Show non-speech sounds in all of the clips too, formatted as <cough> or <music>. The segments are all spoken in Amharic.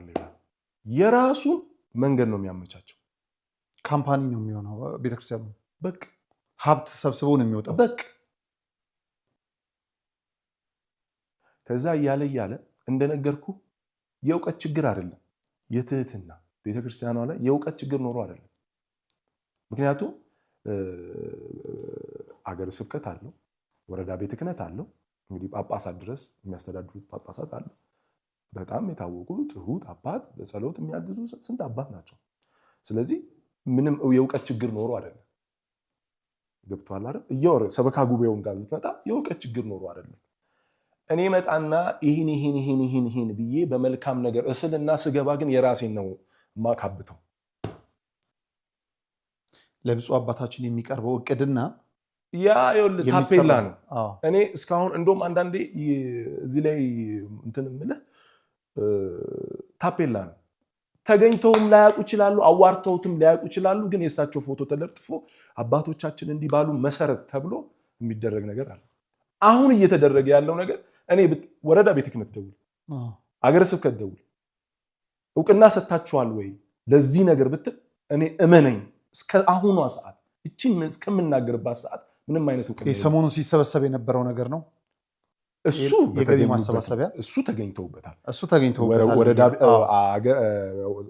እጀምራለሁ ይላል። የራሱን መንገድ ነው የሚያመቻቸው። ካምፓኒ ነው የሚሆነው ቤተክርስቲያን በቅ ሀብት ሰብስበው ነው የሚወጣው። በቅ ከዛ እያለ እያለ እንደነገርኩ የእውቀት ችግር አይደለም፣ የትህትና ቤተክርስቲያኗ ላይ የእውቀት ችግር ኖሮ አይደለም። ምክንያቱም አገር ስብከት አለው፣ ወረዳ ቤተ ክህነት አለው፣ እንግዲህ ጳጳሳት ድረስ የሚያስተዳድሩት ጳጳሳት አለው። በጣም የታወቁ ትሁት አባት በጸሎት የሚያግዙ ስንት አባት ናቸው። ስለዚህ ምንም የእውቀት ችግር ኖሮ አይደለም። ገብቷል አይደል? እያወረ ሰበካ ጉባኤውን ጋር ብትመጣ የእውቀት ችግር ኖሮ አይደለም። እኔ መጣና ይህን ይህን ይህን ይህን ይህን ብዬ በመልካም ነገር እስልና ስገባ ግን የራሴን ነው ማካብተው። ለብፁ አባታችን የሚቀርበው እቅድና ያ ይኸውልህ ታፔላ ነው። እኔ እስካሁን እንደውም አንዳንዴ እዚህ ላይ እንትን የምልህ ታፔላ ነው። ተገኝተውም ላያውቁ ይችላሉ፣ አዋርተውትም ላያውቁ ይችላሉ። ግን የእሳቸው ፎቶ ተለጥፎ አባቶቻችን እንዲህ ባሉ መሰረት ተብሎ የሚደረግ ነገር አለ። አሁን እየተደረገ ያለው ነገር እኔ ወረዳ ቤተ ክህነት ደውል፣ አገረ ስብከት ደውል፣ እውቅና ሰጥታችኋል ወይ ለዚህ ነገር ብትል እኔ እመነኝ እስከ አሁኗ ሰዓት እችን እስከምናገርባት ሰዓት ምንም አይነት እውቅና የሰሞኑን ሲሰበሰብ የነበረው ነገር ነው። እሱ የገቢ ማሰባሰቢያ እሱ ተገኝተውበታል እሱ ተገኝተውበታል። ወረዳ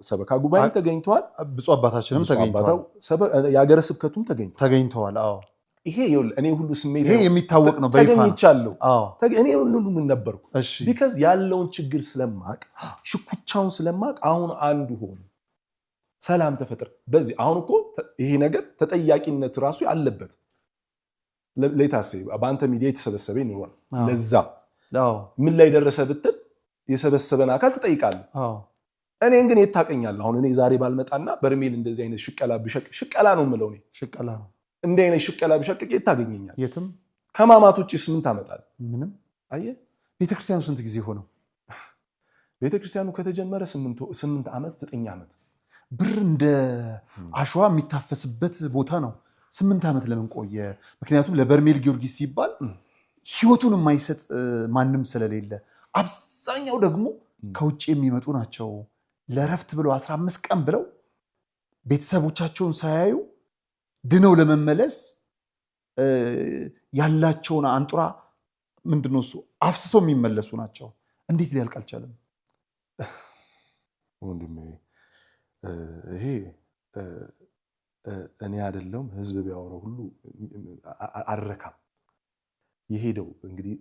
ሰበካ ጉባኤም ተገኝተዋል። ብፁ አባታችንም ተገኝተዋል። የሀገረ ስብከቱም ተገኝተዋል። ይሄ እኔ ሁሉ ስሜት የሚታወቅ ነው። ተገኝቻለሁ። እኔ ሁሉ ምን ነበርኩ ቢከዝ ያለውን ችግር ስለማቅ ሽኩቻውን ስለማቅ አሁን አንዱ ሆኑ ሰላም ተፈጥር። በዚህ አሁን እኮ ይሄ ነገር ተጠያቂነት ራሱ አለበት። ለታስብ በአንተ ሚዲያ የተሰበሰበ ይኖራል። ለዛ ምን ላይ ደረሰ ብትል የሰበሰበን አካል ትጠይቃለ። እኔን ግን የት አሁን እኔ ዛሬ ባልመጣና በርሜል እንደዚህ አይነት ሽቀላ ብሸቅ ሽቀላ ነው የምለው እኔ ሽቀላ ነው። እንደ አይነት ሽቀላ ብሸቅቅ የት ታገኘኛለህ? የትም። ከማማት ውጭ ስምን ታመጣል? ምንም። አየህ፣ ቤተክርስቲያኑ ስንት ጊዜ ሆነው? ቤተክርስቲያኑ ከተጀመረ ስምንት ዓመት ዘጠኝ ዓመት ብር እንደ አሸዋ የሚታፈስበት ቦታ ነው። ስምንት ዓመት ለምን ቆየ? ምክንያቱም ለበርሜል ጊዮርጊስ ሲባል ህይወቱን የማይሰጥ ማንም ስለሌለ አብዛኛው ደግሞ ከውጭ የሚመጡ ናቸው። ለእረፍት ብለው 15 ቀን ብለው ቤተሰቦቻቸውን ሳያዩ ድነው ለመመለስ ያላቸውን አንጡራ ምንድነው እሱ አፍስሰው የሚመለሱ ናቸው። እንዴት ሊያልቅ አልቻለም? ወንድሜ ይሄ እኔ አይደለሁም ህዝብ ቢያወራው ሁሉ አረካም የሄደው እንግዲህ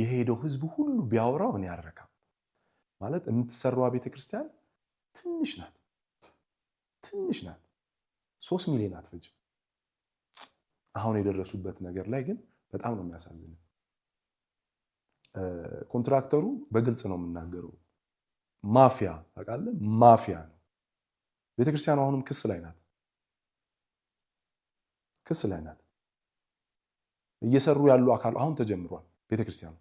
የሄደው ህዝብ ሁሉ ቢያወራው እኔ አረካም ማለት የምትሰራዋ ቤተክርስቲያን ትንሽ ናት፣ ትንሽ ናት። ሶስት ሚሊዮን አትፈጅም። አሁን የደረሱበት ነገር ላይ ግን በጣም ነው የሚያሳዝን። ኮንትራክተሩ በግልጽ ነው የምናገረው፣ ማፊያ ታውቃለህ፣ ማፊያ ነው። ቤተክርስቲያኑ አሁንም ክስ ላይ ናት። ክስ ላይ ናት። እየሰሩ ያሉ አካል አሁን ተጀምሯል። ቤተክርስቲያኑ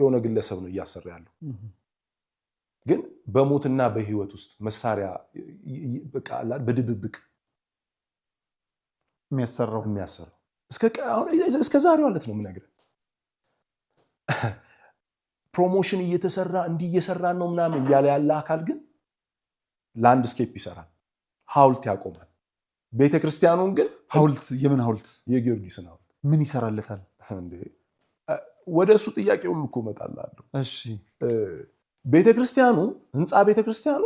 የሆነ ግለሰብ ነው እያሰራ ያለው ግን በሞትና በህይወት ውስጥ መሳሪያ በድብብቅ የሚያሰራው የሚያሰራው እስከ ዛሬዋ ዕለት ነው የምነግርህ። ፕሮሞሽን እየተሰራ እንዲህ እየሰራን ነው ምናምን እያለ ያለ አካል ግን ላንድስኬፕ ይሰራል፣ ሀውልት ያቆማል። ቤተ ክርስቲያኑን ግን ሐውልት የምን ሐውልት? የጊዮርጊስን ሐውልት ምን ይሰራለታል? ወደ እሱ ጥያቄውም እኮ እመጣላለሁ። እሺ ቤተ ክርስቲያኑ ህንፃ ቤተ ክርስቲያኑ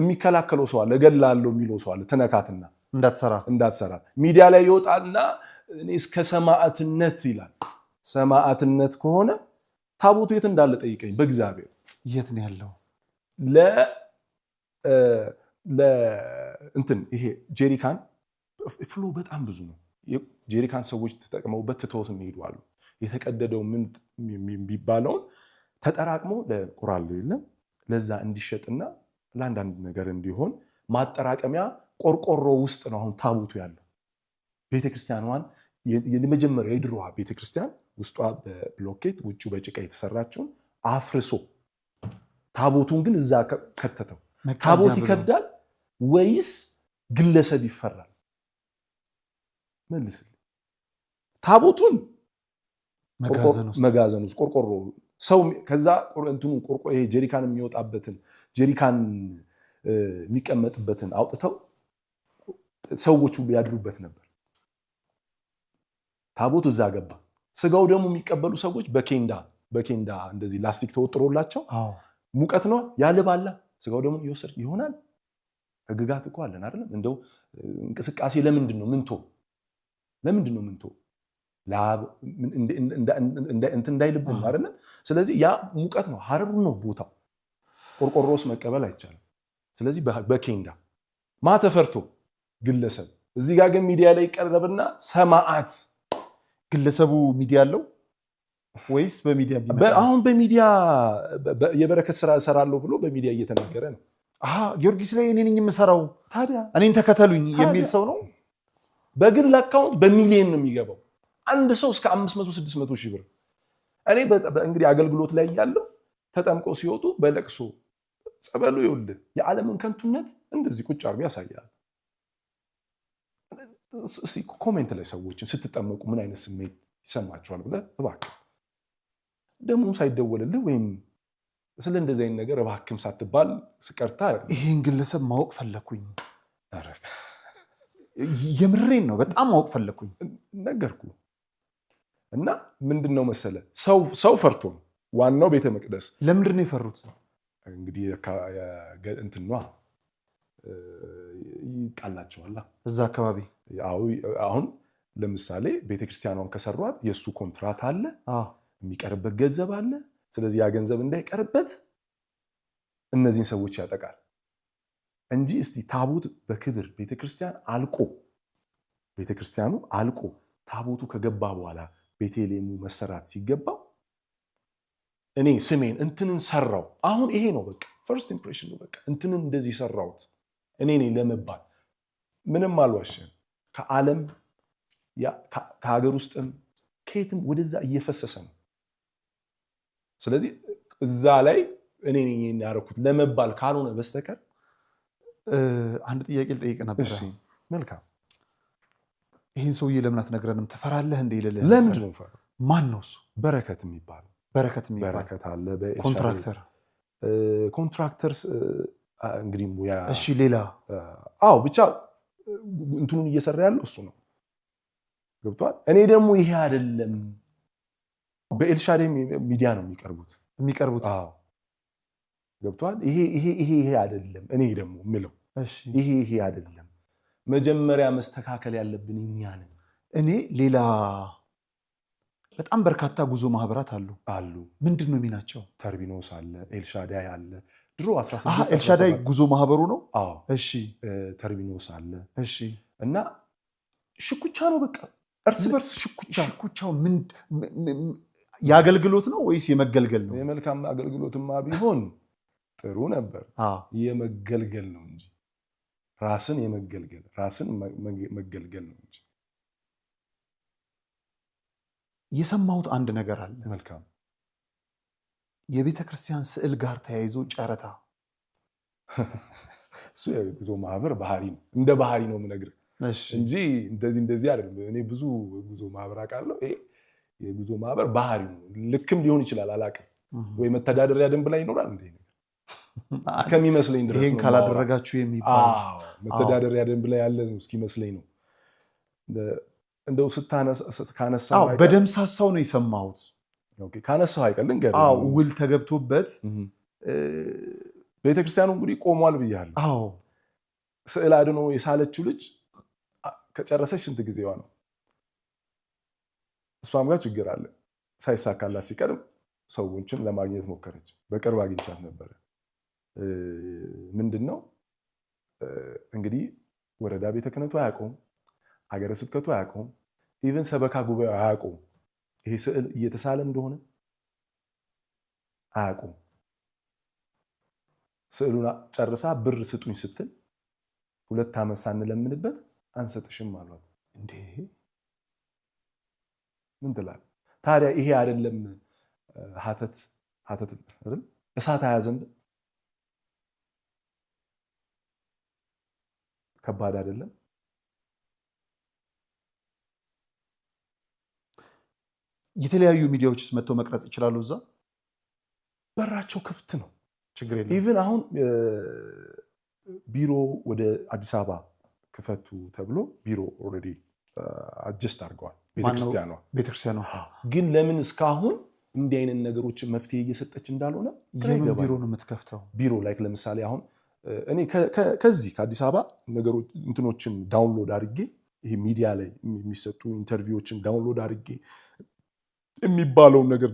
የሚከላከለው ሰው አለ፣ እገላለሁ የሚለው ሰው አለ። ትነካትና እንዳትሰራ እንዳትሰራ ሚዲያ ላይ ይወጣና እኔ እስከ ሰማዕትነት ይላል። ሰማዕትነት ከሆነ ታቦቱ የት እንዳለ ጠይቀኝ። በእግዚአብሔር የት ነው ያለው? ለእንትን ይሄ ጄሪካን ፍሎ በጣም ብዙ ነው። ጄሪካን ሰዎች ተጠቅመውበት ትተውት የሚሄዱ አሉ። የተቀደደው ምን የሚባለውን ተጠራቅሞ ለቁራሉ የለም ለዛ እንዲሸጥና ለአንዳንድ ነገር እንዲሆን ማጠራቀሚያ ቆርቆሮ ውስጥ ነው አሁን ታቦቱ ያለው። ቤተክርስቲያኗን የመጀመሪያ የድሮዋ ቤተክርስቲያን ውስጧ በብሎኬት ውጩ በጭቃ የተሰራችውን አፍርሶ ታቦቱን ግን እዛ ከተተው። ታቦት ይከብዳል ወይስ ግለሰብ ይፈራል? መልስ። ታቦቱን መጋዘን ውስጥ ቆርቆሮ ሰው ከዛ እንትኑ ቆርቆ ይሄ ጀሪካን የሚወጣበትን ጀሪካን የሚቀመጥበትን አውጥተው ሰዎቹ ያድሩበት ነበር። ታቦት እዛ ገባ። ስጋው ደግሞ የሚቀበሉ ሰዎች በኬንዳ በኬንዳ እንደዚህ ላስቲክ ተወጥሮላቸው ሙቀት ነው ያልባላ። ስጋው ደግሞ ይወሰድ ይሆናል ህግጋት እኮ አለን አይደለም? እንደው እንቅስቃሴ ለምንድን ነው ምንቶ ለምንድን ነው ምንቶ ላብ እንትን እንዳይልብን አይደለም? ስለዚህ ያ ሙቀት ነው፣ ሀረሩ ነው ቦታው። ቆርቆሮስ መቀበል አይቻልም። ስለዚህ በኬንዳ ማ ተፈርቶ ግለሰብ። እዚህ ጋር ግን ሚዲያ ላይ ይቀረብና ሰማዕት ግለሰቡ ሚዲያ አለው ወይስ በሚዲያ አሁን በሚዲያ የበረከት ስራ እሰራለሁ ብሎ በሚዲያ እየተናገረ ነው። ጊዮርጊስ ላይ እኔ ነኝ የምሰራው ታዲያ እኔን ተከተሉኝ የሚል ሰው ነው። በግል አካውንት በሚሊየን ነው የሚገባው አንድ ሰው እስከ 500 ሺህ ብር። እኔ እንግዲህ አገልግሎት ላይ ያለው ተጠምቆ ሲወጡ በለቅሶ ጸበሉ ይኸውልህ የዓለምን ከንቱነት እንደዚህ ቁጭ አርጎ ያሳያል። ኮሜንት ላይ ሰዎችን ስትጠመቁ ምን አይነት ስሜት ይሰማቸዋል ብለህ እባክህ ደግሞ ሳይደወልልህ ወይም ስለ እንደዚህ አይነት ነገር እባክም ሳትባል ስቀርታ ይሄን ግለሰብ ማወቅ ፈለኩኝ። የምሬን ነው፣ በጣም ማወቅ ፈለኩኝ። ነገርኩ እና ምንድን ነው መሰለ ሰው ፈርቶ ነው ዋናው ቤተ መቅደስ። ለምንድን ነው የፈሩት? እንግዲህ እንትኗ እዛ አካባቢ። አሁን ለምሳሌ ቤተክርስቲያኗን ከሰሯት የእሱ ኮንትራት አለ፣ የሚቀርበት ገንዘብ አለ ስለዚህ ያ ገንዘብ እንዳይቀርበት እነዚህን ሰዎች ያጠቃል እንጂ እስቲ ታቦት በክብር ቤተክርስቲያን አልቆ ቤተክርስቲያኑ አልቆ ታቦቱ ከገባ በኋላ ቤተልሔሙ መሰራት ሲገባው እኔ ስሜን እንትንን ሰራው። አሁን ይሄ ነው በቃ ፈርስት ኢምፕሬሽን ነው። በቃ እንትንን እንደዚህ ሰራውት እኔ ነኝ ለመባል ምንም አልዋሽም። ከዓለም ከሀገር ውስጥም ከየትም ወደዛ እየፈሰሰ ነው። ስለዚህ እዛ ላይ እኔ ያደረኩት ለመባል ካልሆነ በስተቀር አንድ ጥያቄ ልጠይቅ ነበር። መልካም ይህን ሰውዬ ለምን አትነግረንም? ትፈራለህ እንደ ይለለ ለምንድን ነው የምፈራው? ማን ነው እሱ? በረከት የሚባል በረከት በረከት አለ። ኮንትራክተር ኮንትራክተር እንግዲህ ሙያ እሺ፣ ሌላ አዎ፣ ብቻ እንትኑን እየሰራ ያለው እሱ ነው። ገብቷል። እኔ ደግሞ ይሄ አይደለም በኤልሻዴ ሚዲያ ነው የሚቀርቡት የሚቀርቡት ገብቷል። ይሄ ይሄ ይሄ አይደለም። እኔ ደግሞ ምለው ይሄ ይሄ አይደለም። መጀመሪያ መስተካከል ያለብን እኛ ነን። እኔ ሌላ በጣም በርካታ ጉዞ ማህበራት አሉ አሉ። ምንድን ነው የሚናቸው? ተርቢኖስ አለ፣ ኤልሻዳይ አለ። ድሮ ኤልሻዳይ ጉዞ ማህበሩ ነው። እሺ፣ ተርቢኖስ አለ። እሺ። እና ሽኩቻ ነው በቃ እርስ በርስ ሽኩቻ። ሽኩቻው የአገልግሎት ነው ወይስ የመገልገል ነው? የመልካም አገልግሎትማ ቢሆን ጥሩ ነበር። የመገልገል ነው እንጂ ራስን የመገልገል ራስን መገልገል ነው እንጂ። የሰማሁት አንድ ነገር አለ። መልካም የቤተ ክርስቲያን ስዕል ጋር ተያይዞ ጨረታ፣ <laughs> እሱ የጉዞ ማህበር ባህሪ ነው። እንደ ባህሪ ነው የምነግርህ እንጂ እንደዚህ እንደዚህ አይደለም። እኔ ብዙ ጉዞ ማህበር አውቃለሁ። የጉዞ ማህበር ባህሪው ልክም ሊሆን ይችላል አላውቅም። ወይ መተዳደሪያ ደንብ ላይ ይኖራል እንደ እስከሚመስለኝ ድረስ ይህን ካላደረጋችሁ የሚባል መተዳደሪያ ደንብ ላይ ያለ ነው እስኪመስለኝ ነው። እንደው ስታነሳው በደምሳሳው ነው የሰማሁት። ካነሳው አይቀር ልንገርህ፣ ውል ተገብቶበት ቤተክርስቲያኑ እንግዲህ ቆሟል ብያለሁ። ስዕል አድኖ የሳለችው ልጅ ከጨረሰች ስንት ጊዜዋ ነው? እሷም ጋር ችግር አለ። ሳይሳካላት ሲቀርም ሰዎችን ለማግኘት ሞከረች። በቅርብ አግኝቻት ነበረ። ምንድን ነው እንግዲህ ወረዳ ቤተ ክህነቱ አያውቀውም፣ ሀገረ ስብከቱ አያውቀውም፣ ኢቨን ሰበካ ጉባኤ አያውቀውም። ይሄ ስዕል እየተሳለ እንደሆነ አያውቀውም። ስዕሉን ጨርሳ ብር ስጡኝ ስትል ሁለት ዓመት ሳንለምንበት አንሰጥሽም አሏት። እንዴ ምን ትላል? ታዲያ ይሄ አይደለም ሀተት ሀተት አይደል? እሳት አያዘንብ ከባድ አይደለም? የተለያዩ ሚዲያዎችስ መጥተው መቅረጽ ይችላሉ። እዛ በራቸው ክፍት ነው፣ ችግር የለም። ኢቭን አሁን ቢሮ ወደ አዲስ አበባ ክፈቱ ተብሎ ቢሮ ኦልሬዲ አጀስት አድርገዋል። ቤተክርስቲያኗ ቤተክርስቲያኗ ግን ለምን እስካሁን እንዲህ አይነት ነገሮችን መፍትሄ እየሰጠች እንዳልሆነ ቢሮ ነው የምትከፍተው። ቢሮ ላይ ለምሳሌ አሁን እኔ ከዚህ ከአዲስ አበባ ነገሮች እንትኖችን ዳውንሎድ አድርጌ ይሄ ሚዲያ ላይ የሚሰጡ ኢንተርቪዎችን ዳውንሎድ አድርጌ የሚባለውን ነገር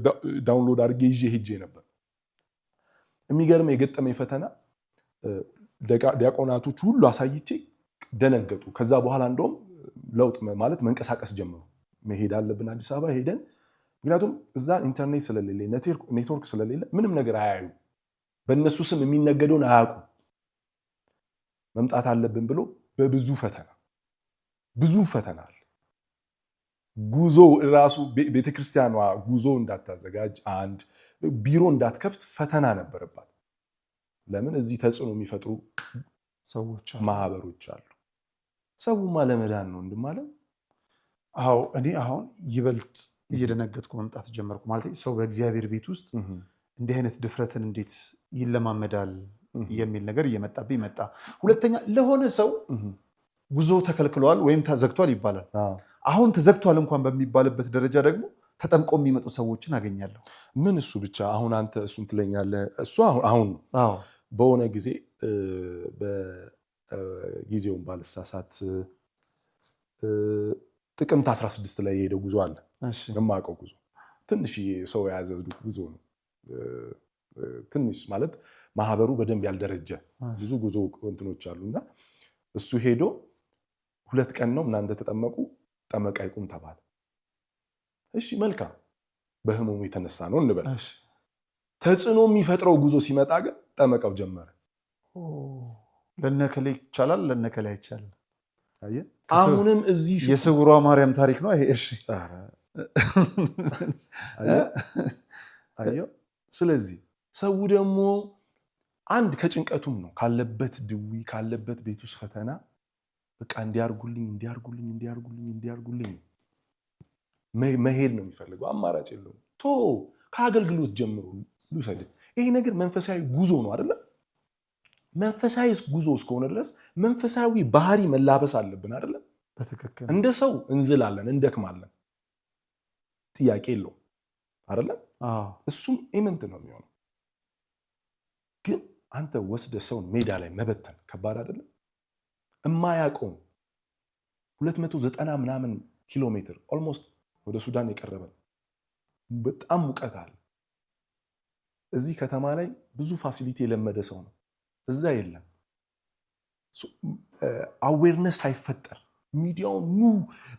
ዳውንሎድ አድርጌ ይዤ ሄጄ ነበር። የሚገርመ የገጠመኝ ፈተና ዲያቆናቶች ሁሉ አሳይቼ ደነገጡ። ከዛ በኋላ እንደውም ለውጥ ማለት መንቀሳቀስ ጀመሩ። መሄድ አለብን አዲስ አበባ ሄደን ምክንያቱም እዛ ኢንተርኔት ስለሌለ ኔትወርክ ስለሌለ ምንም ነገር አያዩ በእነሱ ስም የሚነገደውን አያውቁ መምጣት አለብን ብሎ በብዙ ፈተና ብዙ ፈተና አለ። ጉዞ ራሱ ቤተክርስቲያኗ ጉዞ እንዳታዘጋጅ አንድ ቢሮ እንዳትከፍት ፈተና ነበረባት። ለምን እዚህ ተጽዕኖ የሚፈጥሩ ሰዎች ማህበሮች አሉ። ሰውማ ለመዳን ነው እንድማለም አዎ እኔ አሁን ይበልጥ እየደነገጥኩ መምጣት ጀመርኩ። ማለት ሰው በእግዚአብሔር ቤት ውስጥ እንዲህ አይነት ድፍረትን እንዴት ይለማመዳል የሚል ነገር እየመጣብኝ መጣ። ሁለተኛ ለሆነ ሰው ጉዞ ተከልክሏል ወይም ተዘግቷል ይባላል። አሁን ተዘግቷል እንኳን በሚባልበት ደረጃ ደግሞ ተጠምቆ የሚመጡ ሰዎችን አገኛለሁ። ምን እሱ ብቻ አሁን አንተ እሱን ትለኛለህ። እሱ አሁን ነው በሆነ ጊዜ በጊዜውን ባልሳሳት ጥቅምት 16 ላይ የሄደ ጉዞ አለ። የማውቀው ጉዞ ትንሽ ሰው የያዘ ጉዞ ነው። ትንሽ ማለት ማህበሩ በደንብ ያልደረጀ ብዙ ጉዞ እንትኖች አሉ እና እሱ ሄዶ ሁለት ቀን ነው እና እንደተጠመቁ ጠመቃ ይቁም ተባለ። እሺ መልካም በህመሙ የተነሳ ነው እንበል። ተጽዕኖ የሚፈጥረው ጉዞ ሲመጣ ግን ጠመቃው ጀመረ። ለነከሌ ይቻላል፣ ለነከሌ አይቻልም አሁንም እዚህ የስውሯ ማርያም ታሪክ ነው ይሄ። እሺ አየው። ስለዚህ ሰው ደግሞ አንድ ከጭንቀቱም ነው ካለበት ድዊ ካለበት ቤት ውስጥ ፈተና በቃ እንዲያርጉልኝ እንዲያርጉልኝ እንዲያርጉልኝ እንዲያርጉልኝ መሄድ ነው የሚፈልገው። አማራጭ የለውም። ቶ ከአገልግሎት ጀምሮ ልውሰድ። ይሄ ነገር መንፈሳዊ ጉዞ ነው አይደለም መንፈሳዊ ጉዞ እስከሆነ ድረስ መንፈሳዊ ባህሪ መላበስ አለብን አይደለም? በትክክል እንደ ሰው እንዝላለን፣ እንደክማለን፣ ጥያቄ የለው አይደለም? እሱም ኤመንት ነው የሚሆነው። ግን አንተ ወስደ ሰውን ሜዳ ላይ መበተን ከባድ አይደለም? እማያውቀውን 290 ምናምን ኪሎ ሜትር ኦልሞስት ወደ ሱዳን የቀረበ በጣም ሙቀት አለ። እዚህ ከተማ ላይ ብዙ ፋሲሊቲ የለመደ ሰው ነው እዛ የለም። አዌርነስ አይፈጠር ሚዲያው ኑ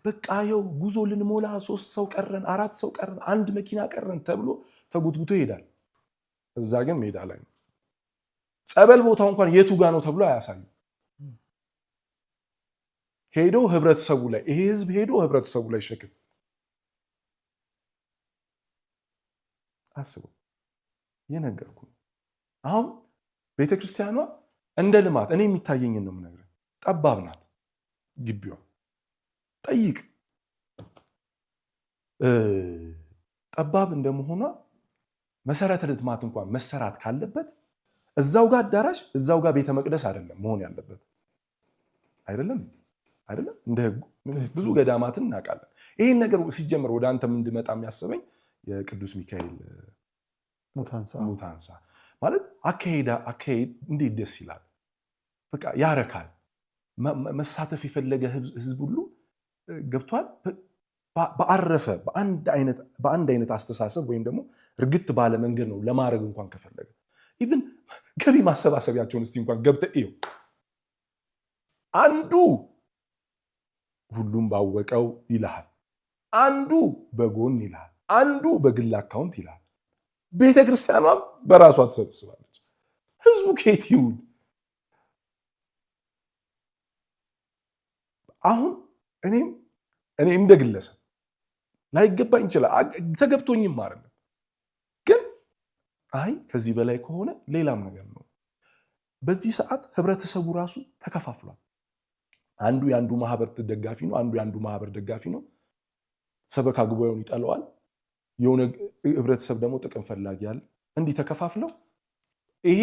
በቃ የው ጉዞ ልንሞላ ሶስት ሰው ቀረን፣ አራት ሰው ቀረን፣ አንድ መኪና ቀረን ተብሎ ተጉትጉቶ ይሄዳል። እዛ ግን ሜዳ ላይ ነው። ጸበል ቦታው እንኳን የቱ ጋ ነው ተብሎ አያሳዩ። ሄዶ ህብረተሰቡ ላይ ይሄ ህዝብ ሄዶ ህብረተሰቡ ላይ ሸክም አስበው የነገርኩ አሁን ቤተ ክርስቲያኗ እንደ ልማት እኔ የሚታየኝን ነው የምነግርህ፣ ጠባብ ናት ግቢዋ። ጠይቅ ጠባብ እንደመሆኗ መሰረተ ልማት እንኳን መሰራት ካለበት እዛው ጋር አዳራሽ እዛው ጋር ቤተ መቅደስ አይደለም መሆን ያለበት አይደለም አይደለም እንደ ህጉ ብዙ ገዳማትን እናውቃለን። ይህን ነገር ሲጀምር ወደ አንተም እንድመጣ የሚያስበኝ የቅዱስ ሚካኤል ሙታንሳ ማለት አካሄዳ አካሄድ እንዴት ደስ ይላል! በቃ ያረካል። መሳተፍ የፈለገ ህዝብ ሁሉ ገብቷል። በአረፈ በአንድ አይነት አስተሳሰብ ወይም ደግሞ እርግት ባለ መንገድ ነው ለማድረግ እንኳን ከፈለገ ኢቭን ገቢ ማሰባሰቢያቸውን እስቲ እንኳን ገብተ እዩ። አንዱ ሁሉም ባወቀው ይልሃል፣ አንዱ በጎን ይልሃል፣ አንዱ በግል አካውንት ይልሃል። ቤተ ክርስቲያኗም በራሷ ተሰብስባል። ህዝቡ ከየት ይሁን? አሁን እኔም እኔ እንደ ግለሰብ ላይገባኝ ይችላል፣ ተገብቶኝም አይደለም። ግን አይ ከዚህ በላይ ከሆነ ሌላም ነገር ነው። በዚህ ሰዓት ህብረተሰቡ ራሱ ተከፋፍሏል። አንዱ የአንዱ ማህበር ደጋፊ ነው፣ አንዱ የአንዱ ማህበር ደጋፊ ነው። ሰበካ ጉባኤውን ይጠለዋል። የሆነ ህብረተሰብ ደግሞ ጥቅም ፈላጊ አለ። እንዲህ ተከፋፍለው ይሄ